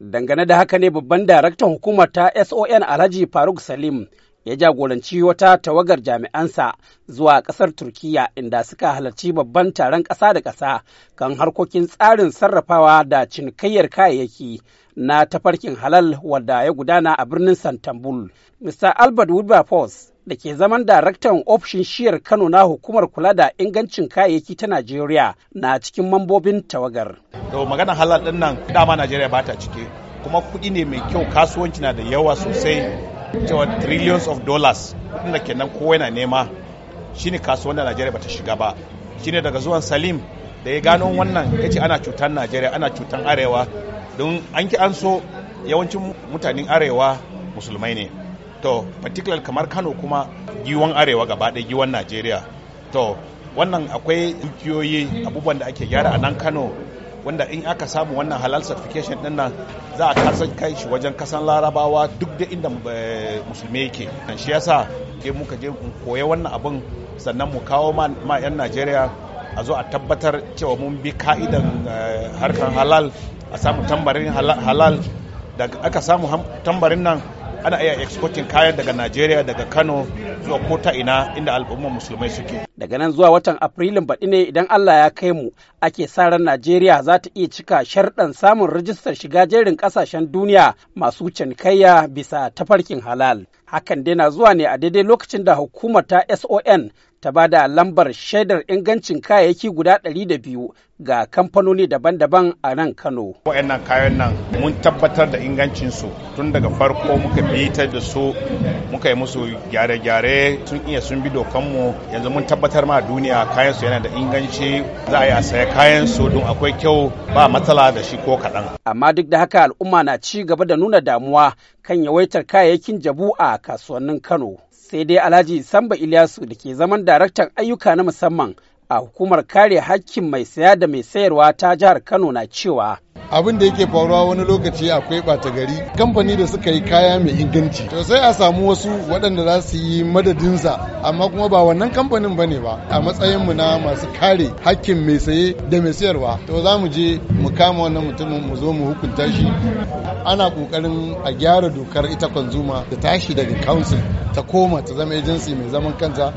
Dangane da haka ne babban daraktan hukumar ta SON Alhaji Faruk Salim ya jagoranci wata tawagar jami'ansa zuwa ƙasar Turkiyya inda suka halarci babban taron ƙasa da ƙasa kan harkokin tsarin sarrafawa da cinikayyar kayayyaki na tafarkin halal wadda ya gudana a birnin Santambul. Mr. Albert Wilberforce da ke zaman daraktan ofishin shiyar Kano na hukumar kula da ingancin kayayyaki ta Najeriya na cikin mambobin tawagar. to magana halal din nan dama najeriya ba ta cike kuma kuɗi ne mai kyau kasuwanci na da yawa sosai cewa trillions of dollars kuɗin da kenan kowa yana nema shine kasuwan da najeriya ba ta shiga ba shine daga zuwan salim da ya gano wannan ya ana cutar najeriya ana cutar arewa don an ki an so yawancin mutanen arewa musulmai ne to particular kamar kano kuma giwon arewa gaba ɗaya giwon najeriya to wannan akwai dukiyoyi abubuwan da ake gyara a nan kano wanda in aka samu wannan halal certification din nan za a kasa kai shi wajen kasan larabawa duk da inda eh, musulmi yake shi yasa ke muka je koya wannan abun sannan mu kawo ma 'yan najeriya a zo a tabbatar cewa mun bi ka'idan eh, harkar halal a samu tambarin halal da aka samu tambarin nan ana iya exporting kayan daga najeriya daga kano zuwa kota ina inda al'ummar musulmai suke daga nan zuwa watan afrilun baɗi ne idan allah ya kai mu ake sa ran najeriya za ta iya cika sharɗan samun rijistar shiga jerin ƙasashen duniya masu cinikayya bisa tafarkin halal hakan dai na zuwa ne a daidai lokacin da hukumar ta son ta ba da lambar shaidar ingancin kayayyaki guda 200 ga kamfanoni daban-daban a nan kano wa'annan kayan nan mun tabbatar da ingancinsu tun daga farko muka bitar da su muka yi musu gyare-gyare tun iya sun bi dokanmu yanzu mun tabbatar tabbatar ma duniya kayan su yana da inganci za a yi a saya kayan su don akwai kyau ba matsala da shi ko kaɗan. Amma duk da haka al'umma na ci gaba da nuna damuwa kan yawaitar kayayyakin jabu a kasuwannin Kano. Sai dai Alhaji Samba Ilyasu da ke zaman daraktan ayyuka na musamman a hukumar kare hakkin mai saya da mai sayarwa ta jihar Kano na cewa abin da yake faruwa wani lokaci akwai bata gari kamfani da suka yi kaya mai inganci to sai a samu wasu waɗanda za su yi madadinsa amma kuma ba wannan kamfanin ba ne ba a matsayin mu na masu kare hakkin mai saye da mai sayarwa to za mu je mu kama wannan mutumin mu zo mu hukunta shi ana ƙoƙarin a gyara dokar ita kwanzuma da tashi daga council ta koma ta zama agency mai zaman kanta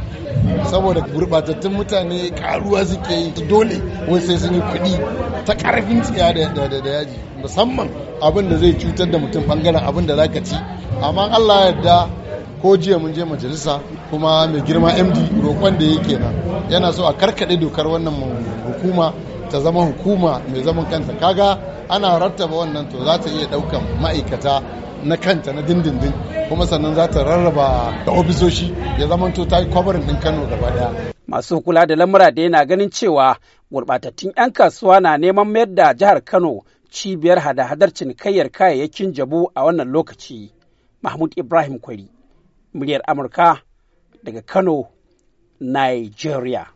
saboda gurɓatattun mutane karuwa suke yi dole wai sai sun yi kuɗi ta ƙarfin tsiya da da yaji musamman abin da zai cutar da mutum bangaren abin da zaka ci amma Allah ya yarda ko jiya mun je majalisa kuma mai girma MD roƙon da yake nan yana so a karkade dokar wannan hukuma ta zama hukuma mai zaman kanta kaga ana rattaba wannan to za ta iya ɗaukan ma'aikata na kanta na dindindin kuma sannan za ta rarraba da ofisoshi ya zamanto ta yi kwabarin ɗin kano gaba daya masu kula da lamura da yana ganin cewa gurɓatattun 'yan kasuwa na neman mayar da jihar kano cibiyar hada-hadar cinikayyar kayayyakin jabu a wannan lokaci mahmud ibrahim kwari muryar amurka daga kano nigeria